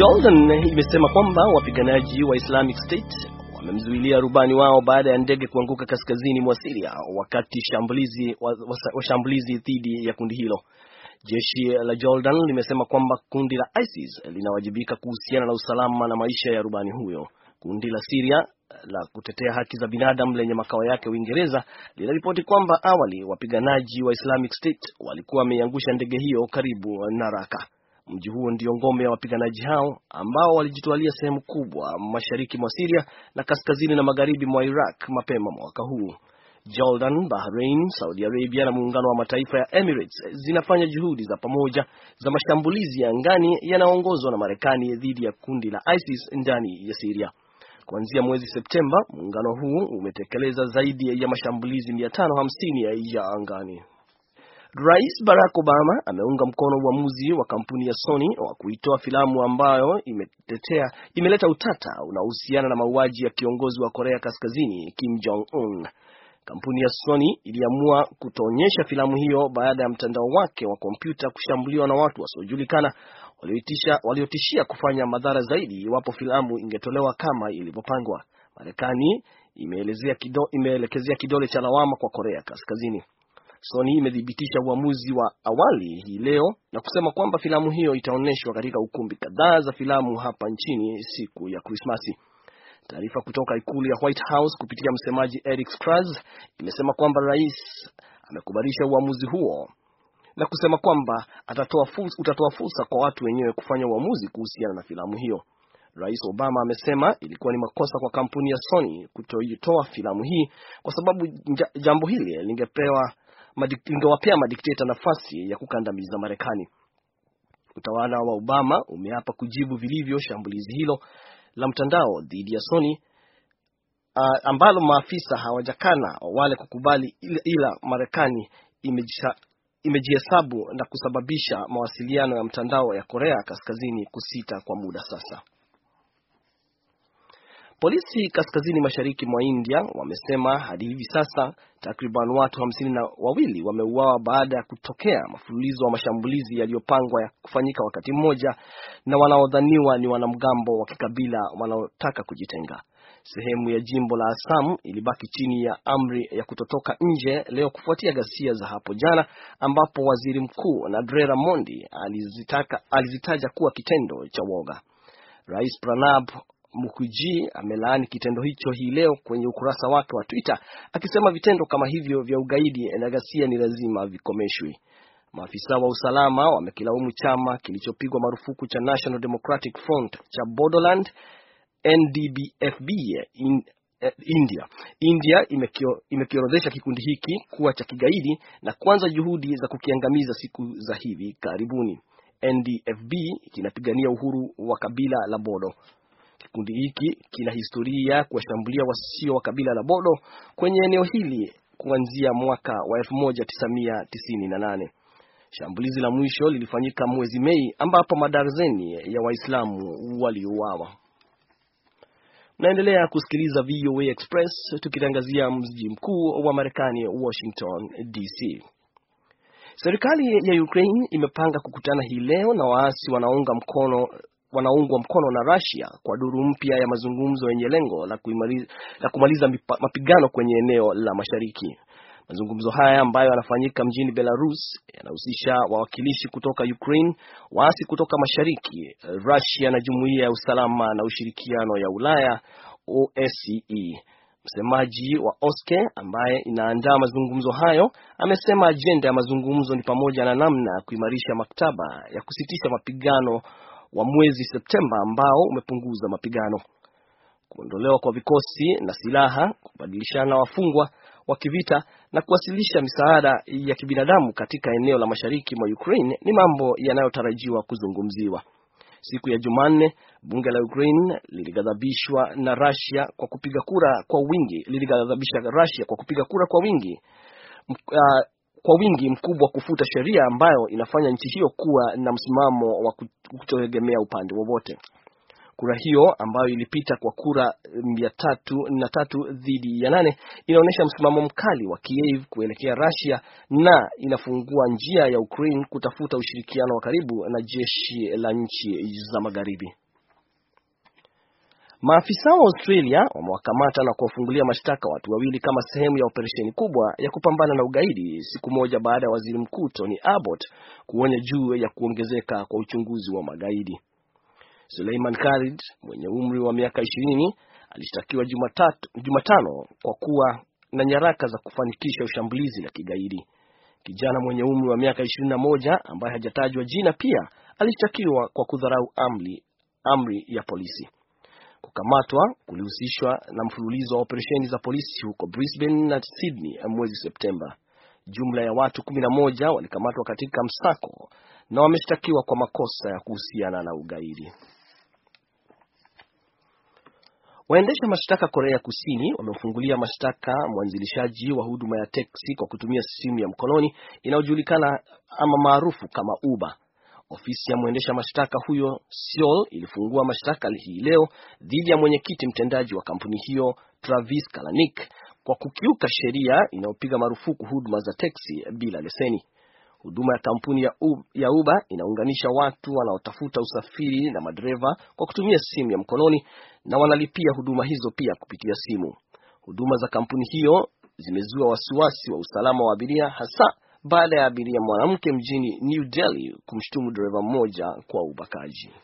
Jordan eh, imesema kwamba wapiganaji wa Islamic State wamemzuilia rubani wao baada ya ndege kuanguka kaskazini mwa Syria wakati shambulizi washambulizi dhidi ya kundi hilo. Jeshi la Jordan limesema kwamba kundi la ISIS linawajibika kuhusiana na usalama na maisha ya rubani huyo. Kundi la Syria eh, la kutetea haki za binadamu lenye makao yake Uingereza linaripoti kwamba awali wapiganaji wa Islamic State walikuwa wameiangusha ndege hiyo karibu na Raka. Mji huo ndio ngome ya wapiganaji hao ambao walijitwalia sehemu kubwa mashariki mwa Siria na kaskazini na magharibi mwa Iraq mapema mwaka huu. Jordan, Bahrain, Saudi Arabia na muungano wa mataifa ya Emirates zinafanya juhudi za pamoja za mashambulizi ya angani yanayoongozwa na Marekani dhidi ya kundi la ISIS ndani ya Siria. Kuanzia mwezi Septemba, muungano huu umetekeleza zaidi ya mashambulizi 550 ya angani. Rais Barack Obama ameunga mkono uamuzi wa kampuni ya Sony wa kuitoa filamu ambayo imetetea, imeleta utata unaohusiana na mauaji ya kiongozi wa Korea Kaskazini Kim Jong Un. Kampuni ya Sony iliamua kutoonyesha filamu hiyo baada ya mtandao wake wa kompyuta kushambuliwa na watu wasiojulikana waliotishia kufanya madhara zaidi iwapo filamu ingetolewa kama ilivyopangwa. Marekani imeelekezea kidole cha lawama kwa Korea Kaskazini. Sony imethibitisha uamuzi wa awali hii leo na kusema kwamba filamu hiyo itaonyeshwa katika ukumbi kadhaa za filamu hapa nchini siku ya Krismasi. Taarifa kutoka ikulu ya White House kupitia msemaji Eric Strauss imesema kwamba rais amekubalisha uamuzi huo na kusema kwamba atatoa fursa, utatoa fursa kwa watu wenyewe kufanya uamuzi kuhusiana na filamu hiyo. Rais Obama amesema ilikuwa ni makosa kwa kampuni ya Sony kutoitoa filamu hii kwa sababu jambo hili lingepewa ingewapea madikteta nafasi ya kukandamiza Marekani. Utawala wa Obama umeapa kujibu vilivyo shambulizi hilo la mtandao dhidi ya Sony uh, ambalo maafisa hawajakana wale kukubali, ila Marekani imejihesabu na kusababisha mawasiliano ya mtandao ya Korea Kaskazini kusita kwa muda sasa. Polisi kaskazini mashariki mwa India wamesema hadi hivi sasa takriban watu hamsini na wawili wameuawa baada ya kutokea mfululizo wa mashambulizi yaliyopangwa ya kufanyika wakati mmoja na wanaodhaniwa ni wanamgambo wa kikabila wanaotaka kujitenga. Sehemu ya jimbo la Assam ilibaki chini ya amri ya kutotoka nje leo kufuatia ghasia za hapo jana, ambapo waziri mkuu Narendra Modi alizitaka, alizitaja kuwa kitendo cha woga. Rais Pranab mukuji amelaani kitendo hicho hii leo kwenye ukurasa wake wa Twitter akisema vitendo kama hivyo vya ugaidi na ghasia ni lazima vikomeshwe. Maafisa wa usalama wamekilaumu chama kilichopigwa marufuku cha National Democratic Front cha Bodoland NDBFB in, eh, India. India imekiorodhesha kikundi hiki kuwa cha kigaidi na kuanza juhudi za kukiangamiza siku za hivi karibuni. NDFB kinapigania uhuru wa kabila la Bodo. Kikundi hiki kina historia kuwashambulia wasio wa kabila la Bodo kwenye eneo hili kuanzia mwaka wa 1998. Shambulizi la mwisho lilifanyika mwezi Mei ambapo madarzeni ya Waislamu waliuawa. Naendelea kusikiliza VOA Express tukitangazia mji mkuu wa Marekani, Washington DC. Serikali ya Ukraine imepanga kukutana hii leo na waasi wanaunga mkono wanaungwa mkono na Russia kwa duru mpya ya mazungumzo yenye lengo la, la kumaliza mipa, mapigano kwenye eneo la mashariki. Mazungumzo haya ambayo yanafanyika mjini Belarus yanahusisha wawakilishi kutoka Ukraine, waasi kutoka mashariki, Russia na Jumuiya ya Usalama na Ushirikiano ya Ulaya OSCE. Msemaji wa OSCE ambaye inaandaa mazungumzo hayo amesema ajenda ya mazungumzo ni pamoja na namna ya kuimarisha maktaba ya kusitisha mapigano wa mwezi Septemba ambao umepunguza mapigano. Kuondolewa kwa vikosi na silaha, kubadilishana wafungwa wa kivita na kuwasilisha misaada ya kibinadamu katika eneo la mashariki mwa Ukraine ni mambo yanayotarajiwa kuzungumziwa. Siku ya Jumanne, bunge la Ukraine liligadhabishwa na Russia kwa kupiga kura kwa wingi, liligadhabisha Russia kwa kupiga kura kwa wingi uh, kwa wingi mkubwa kufuta sheria ambayo inafanya nchi hiyo kuwa na msimamo wa kutoegemea upande wowote. Kura hiyo ambayo ilipita kwa kura mia tatu na tatu dhidi ya nane inaonyesha msimamo mkali wa Kiev kuelekea Russia na inafungua njia ya Ukraine kutafuta ushirikiano wa karibu na jeshi la nchi za magharibi. Maafisa wa Australia wamewakamata na kuwafungulia mashtaka watu wawili kama sehemu ya operesheni kubwa ya kupambana na ugaidi, siku moja baada ya waziri mkuu Tony Abbott kuonya juu ya kuongezeka kwa uchunguzi wa magaidi. Suleiman Khalid mwenye umri wa miaka ishirini alishtakiwa Jumatano kwa kuwa na nyaraka za kufanikisha ushambulizi la kigaidi. Kijana mwenye umri wa miaka ishirini na moja ambaye hajatajwa jina pia alishtakiwa kwa kudharau amri, amri ya polisi. Kukamatwa kulihusishwa na mfululizo wa operesheni za polisi huko Brisbane na Sydney mwezi Septemba. Jumla ya watu kumi na moja walikamatwa katika msako na wameshtakiwa kwa makosa ya kuhusiana na ugaidi. Waendesha mashtaka Korea Kusini wamefungulia mashtaka mwanzilishaji wa huduma ya teksi kwa kutumia simu ya mkononi inayojulikana ama maarufu kama Uber Ofisi ya mwendesha mashtaka huyo Seoul ilifungua mashtaka hii leo dhidi ya mwenyekiti mtendaji wa kampuni hiyo Travis Kalanick kwa kukiuka sheria inayopiga marufuku huduma za teksi bila leseni. Huduma ya kampuni ya Uber inaunganisha watu wanaotafuta usafiri na madereva kwa kutumia simu ya mkononi na wanalipia huduma hizo pia kupitia simu. Huduma za kampuni hiyo zimezua wasiwasi wa usalama wa abiria hasa baada ya abiria mwanamke mjini New Delhi kumshutumu dereva mmoja kwa ubakaji.